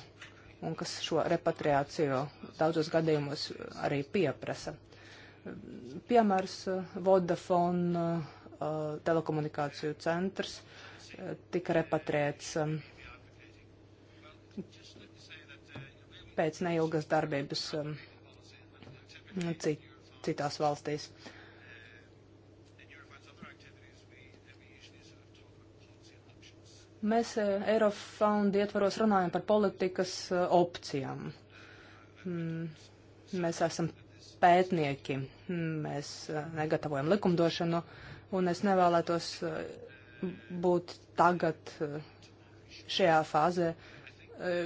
un kas šo repatriāciju daudzos gadījumos arī pieprasa. Piemērs Vodafone Uh, telekomunikāciju centrs uh, tika repatriēts um, pēc neilgas darbības um, cit, citās valstīs. Mēs uh, Eirofound ietvaros runājam par politikas opcijām. Hmm, mēs esam pētnieki, hmm, mēs negatavojam likumdošanu. No un es nevēlētos eh, būt tagad eh, šajā fāzē eh,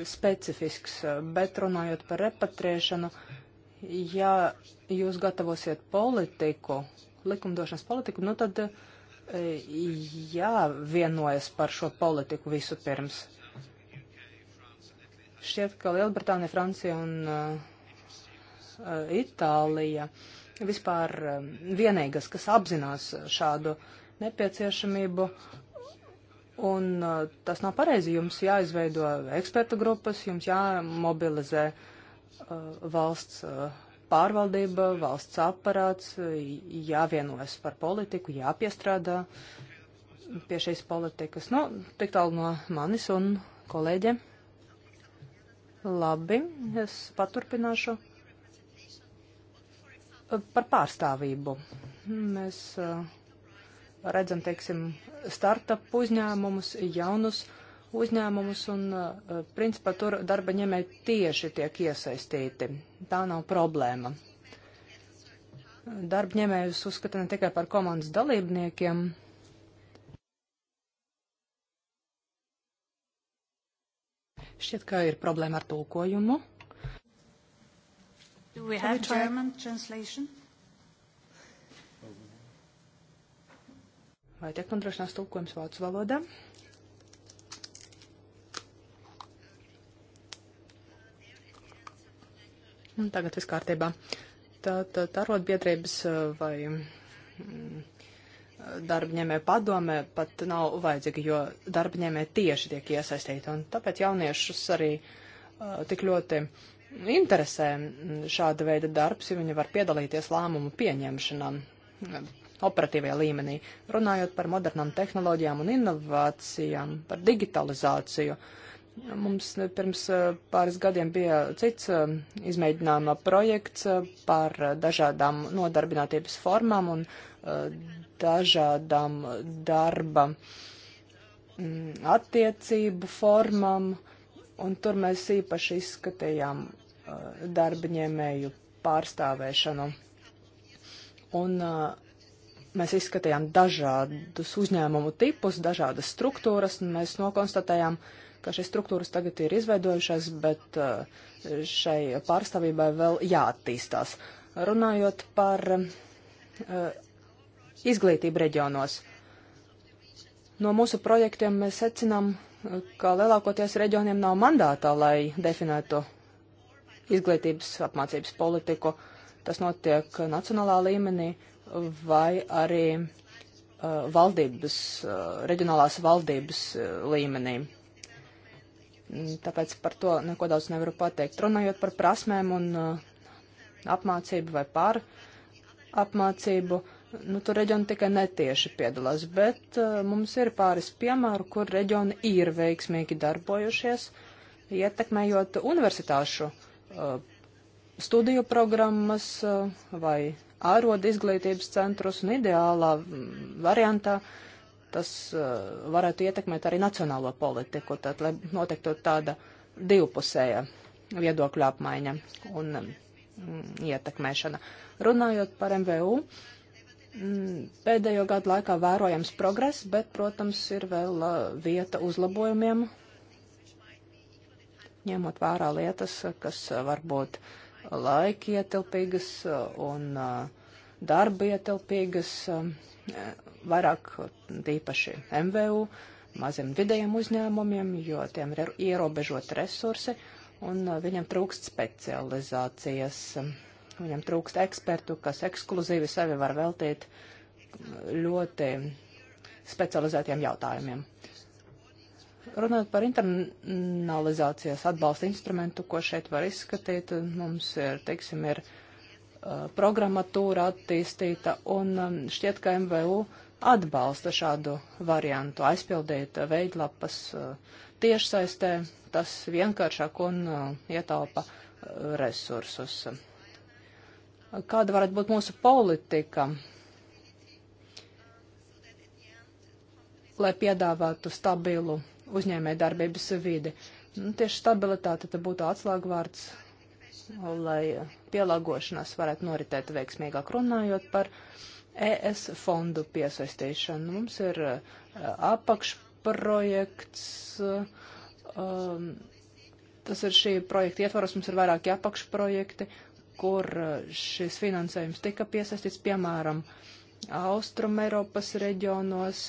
specifisks, bet runājot par repatriešanu, ja jūs gatavosiet politiku, likumdošanas politiku, nu tad jāvienojas par šo politiku visu pirms. Šķiet, ka Lielbritānija, Francija un uh, Itālija uh, vispār um, vienīgas, kas apzinās šādu nepieciešamību. Un uh, tas nav pareizi. Jums jāizveido eksperta grupas, jums jāmobilizē uh, valsts uh, pārvaldība, valsts aparāts, jāvienojas par politiku, jāpiestrādā pie šīs politikas. Nu, tik tālu no manis un kolēģiem. Labi, es paturpināšu par pārstāvību. Mēs eh, redzam, teiksim, startup uzņēmumus, jaunus uzņēmumus un, eh, principā, tur darba ņēmēji tieši tiek iesaistīti. Tā nav problēma. Darba ņēmējus uzskata ne tikai par komandas dalībniekiem. Šķiet, ka ir problēma ar tulkojumu. Do we have Can we German translation? Vai tiek nodrošināts tulkojums vācu valodā? Un nu, tagad viss kārtībā. Tātad arotbiedrības eh, vai mm, eh, darbņēmē padomē pat nav vajadzīga, jo darbņēmē tieši tiek iesaistīti. Un tāpēc jauniešus arī uh, tik ļoti interesē šāda veida darbs, jo viņi var piedalīties lēmumu pieņemšanā operatīvajā līmenī, runājot par modernām tehnoloģijām un inovācijām, par digitalizāciju. Mums pirms eh, pāris gadiem bija cits eh, izmēģinājuma projekts eh, par dažādām nodarbinātības formām un dažādām darba mm, attiecību formām, un tur mēs īpaši izskatījām darbņēmēju pārstāvēšanu. Un mēs izskatījām dažādus uzņēmumu tipus, dažādas struktūras, un mēs nokonstatējām, ka šīs struktūras tagad ir izveidojušās, bet šai pārstāvībai vēl jāattīstās. Runājot par izglītību reģionos. No mūsu projektiem mēs secinām, ka lielākoties reģioniem nav mandātā, lai definētu izglītības apmācības politiku. Tas notiek nacionālā līmenī vai arī uh, valdības, uh, reģionālās valdības uh, līmenī. Mm, tāpēc par to neko daudz nevaru pateikt. Runājot par prasmēm un uh, apmācību vai par apmācību, nu, tur reģioni tikai netieši piedalās, bet uh, mums ir pāris piemēru, kur reģioni ir veiksmīgi darbojušies, ietekmējot universitāšu uh, Uh, studiju programmas uh, vai ārodu izglītības centrus, un ideālā mm, variantā tas uh, varētu ietekmēt arī nacionālo politiku, tad, lai notiktu tāda divpusēja viedokļa apmaiņa un mm, ietekmēšana. Runājot par MVU, mm, pēdējo gadu laikā vērojams progress, bet, protams, ir vēl vieta uzlabojumiem ņemot vērā lietas, kas eh, var būt laika ietilpīgas eh, un eh, darba ietilpīgas, vairāk tīpaši MVU, maziem vidējiem uzņēmumiem, jo tiem ir ierobežot resursi un viņam trūkst specializācijas, viņam trūkst ekspertu, kas ekskluzīvi sevi var veltīt ļoti specializētiem jautājumiem. Uh, Runājot par internalizācijas atbalsta instrumentu, ko šeit var izskatīt, mums ir, teiksim, ir uh, programmatūra attīstīta un um, šķiet, ka MVU atbalsta šādu variantu aizpildīt veidlapas uh, tiešsaistē. Tas vienkāršāk un uh, ietaupa resursus. Kāda varētu būt mūsu politika? lai piedāvātu stabilu uzņēmē darbības vidi. Nu, tieši stabilitāte te būtu atslēgvārds, lai pielāgošanās varētu noritēt veiksmīgāk runājot par ES fondu piesaistīšanu. Mums ir eh, apakšprojekts. Um, tas ir šī projekta ietvaros, mums ir vairāki apakšprojekti, kur eh, šis finansējums tika piesaistīts, piemēram, Austrum Eiropas reģionos,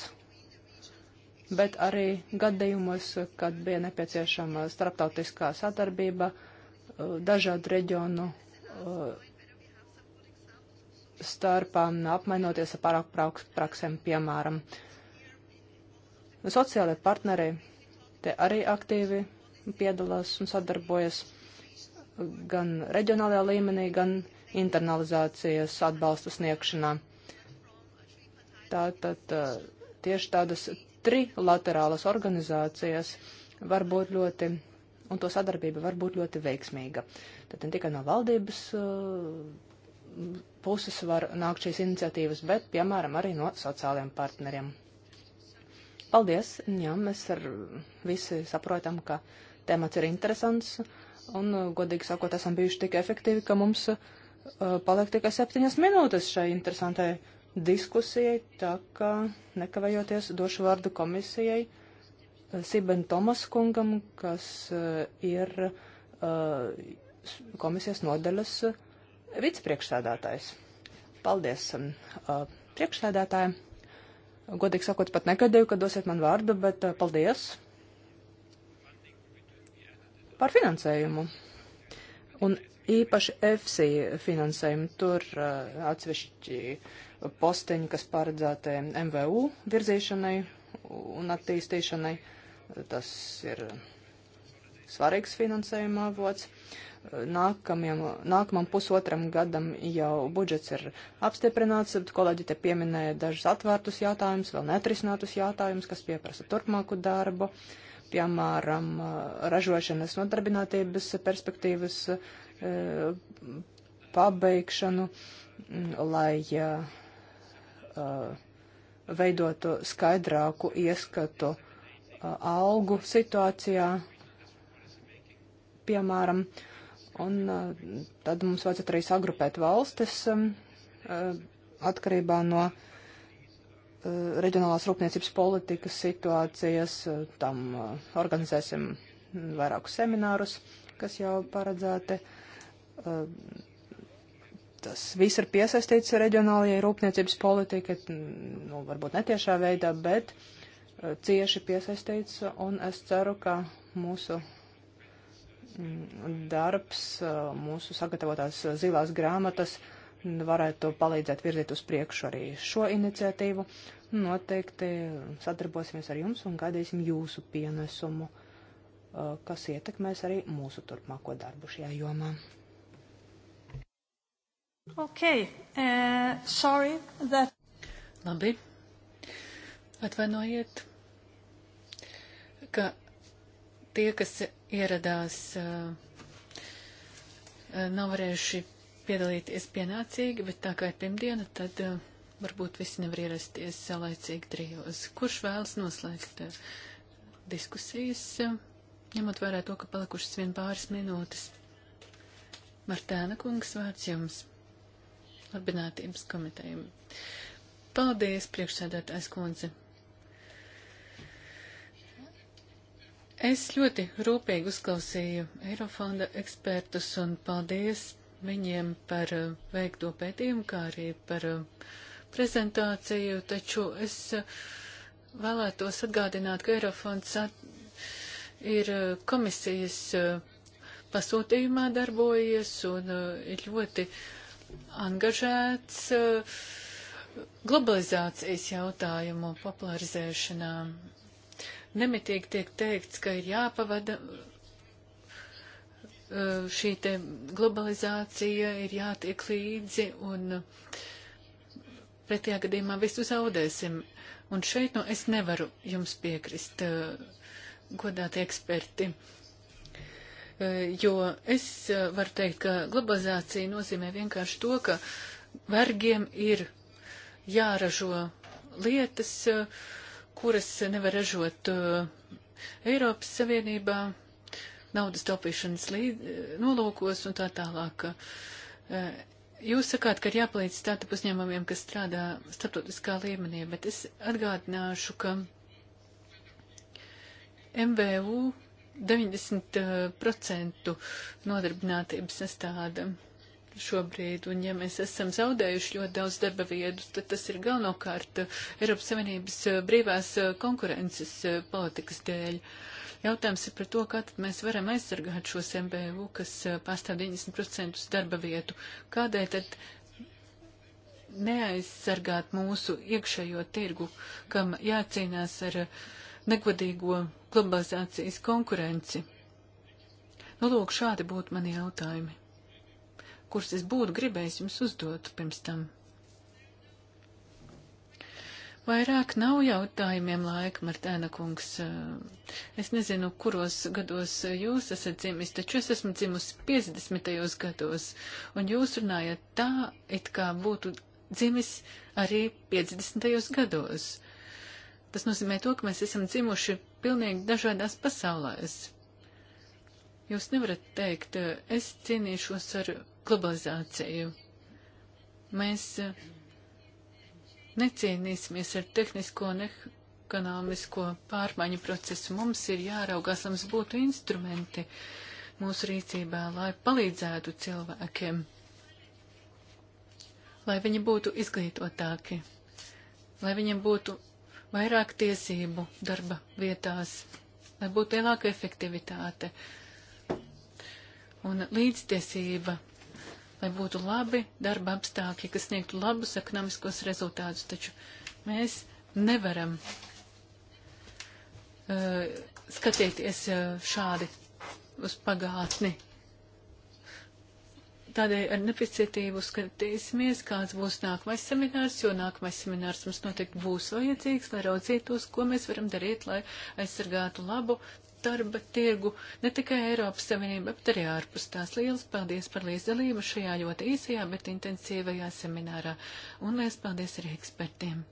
bet arī gadījumos, kad bija nepieciešama starptautiskā sadarbība uh, dažādu reģionu uh, starpā, apmainoties ar pārāk praksēm, piemēram. Sociālai partneri te arī aktīvi piedalās un sadarbojas gan reģionālajā līmenī, gan internalizācijas atbalstu sniegšanā. Tātad uh, tieši tādas trilaterālas organizācijas var būt ļoti, un to sadarbība var būt ļoti veiksmīga. Tad ne tikai no valdības uh, puses var nākt šīs iniciatīvas, bet, piemēram, arī no sociālajiem partneriem. Paldies! Jā, mēs ar visi saprotam, ka temats ir interesants, un, uh, godīgi sakot, esam bijuši tik efektīvi, ka mums uh, paliek tikai septiņas minūtes šai interesantai diskusijai, tā kā nekavējoties došu vārdu komisijai eh, Siben Tomas kungam, kas eh, ir eh, komisijas nodaļas vicepriekšsēdētājs. Paldies priekšsēdētājiem. Godīgi sakot, pat negaidīju, ka dosiet man vārdu, bet paldies par finansējumu. Un īpaši FC finansējumu tur atsevišķi uh, posteņi, kas paredzēti MVU virzīšanai un attīstīšanai. Tas ir svarīgs finansējuma avots. Nākamajam, nākamam pusotram gadam jau budžets ir apstiprināts, bet kolēģi te pieminēja dažus atvērtus jautājumus, vēl netrisinātus jautājumus, kas pieprasa turpmāku darbu, piemēram, ražošanas nodarbinātības perspektīvas eh, pabeigšanu, lai uh, uh, veidotu skaidrāku ieskatu uh, algu situācijā, piemēram, un uh, tad mums vajadzētu arī sagrupēt valstis um, uh, atkarībā no uh, reģionālās rūpniecības politikas situācijas, uh, tam uh, organizēsim vairākus seminārus, kas jau paredzēti Tas viss ir piesaistīts reģionālajai rūpniecības politikai, mm, nu, varbūt netiešā veidā, bet uh, cieši piesaistīts, un es ceru, ka mūsu mm, darbs, uh, mūsu sagatavotās zilās grāmatas varētu palīdzēt virzīt uz priekšu arī šo iniciatīvu. Noteikti sadarbosimies ar jums un gaidīsim jūsu pienesumu, uh, kas ietekmēs arī mūsu turpmāko darbu šajā jomā. Okay. Uh, sorry that... Labi. Atvainojiet, ka tie, kas ieradās, uh, uh, nav varējuši piedalīties pienācīgi, bet tā kā ir pirmdiena, tad uh, varbūt visi nevar ierasties saulaicīgi trijos. Kurš vēlas noslēgt diskusijas, ņemot vērā to, ka palikušas vien pāris minūtes? Martēna kungs, vārds jums nodarbinātības komitejam. Paldies, priekšsēdētājs kundze. Es ļoti rūpīgi uzklausīju Eirofonda ekspertus un paldies viņiem par uh, veikto pētījumu, kā arī par uh, prezentāciju, taču es uh, vēlētos atgādināt, ka Eirofonds at ir komisijas pasūtījumā darbojies un ir ļoti uh, angažēts eh, globalizācijas jautājumu popularizēšanā. Nemitīgi tiek teikts, ka ir jāpavada eh, šī te globalizācija, ir jātiek līdzi un pretējā gadījumā visu zaudēsim. Un šeit, nu, es nevaru jums piekrist, eh, godāti eksperti. Uh, E, jo es e, varu teikt, ka globalizācija nozīmē vienkārši to, ka vergiem ir jāražo lietas, e, kuras nevar ražot Eiropas Savienībā, naudas taupīšanas līd, nolūkos un tā tālāk. Jūs sakāt, ka ir jāpalīdz startup uzņēmumiem, kas strādā starptautiskā līmenī, bet es atgādināšu, ka MVU 90% eh, nodarbinātības sastāda šobrīd, un ja mēs esam zaudējuši ļoti daudz darba vietu, tad tas ir galvenokārt eh, Eiropas Savienības eh, brīvās konkurences politikas dēļ. Jautājums ir par to, kā tad mēs varam aizsargāt šos MBU, kas pārstāv 90% darba vietu. Kādēļ tad neaizsargāt mūsu iekšējo tirgu, kam jācīnās ar uh, negodīgo globalizācijas konkurenci. Nu, lūk, šādi būtu mani jautājumi, kurus es būtu gribējis jums uzdot pirms tam. Vairāk nav jautājumiem laika, Martēna kungs. Es nezinu, kuros gados jūs esat dzimis, taču es esmu dzimis 50. gados, un jūs runājat tā, it kā būtu dzimis arī 50. gados. Tas nozīmē to, ka mēs esam dzimuši pilnīgi dažādās pasaulēs. Jūs nevarat teikt, eh, es cīnīšos ar globalizāciju. Mēs eh, necīnīsimies ar tehnisko un ekonomisko pārmaiņu procesu. Mums ir jāraugās, lai mums būtu instrumenti mūsu rīcībā, lai palīdzētu cilvēkiem, lai viņi būtu izglītotāki, lai viņiem būtu vairāk tiesību darba vietās, lai būtu lielāka efektivitāte un līdztiesība, lai būtu labi darba apstākļi, kas sniegtu labus ekonomiskos rezultātus. Taču mēs nevaram uh, skatīties uh, šādi uz pagātni Tādēļ ar nepacietību skatīsimies, kāds būs nākamais seminārs, jo nākamais seminārs mums noteikti būs vajadzīgs, lai raudzītos, ko mēs varam darīt, lai aizsargātu labu darba tirgu ne tikai Eiropas Savienībā, bet arī ārpus tās. Lielas paldies par līdzdalību šajā ļoti īsajā, bet intensīvajā seminārā. Un liels paldies arī ekspertiem!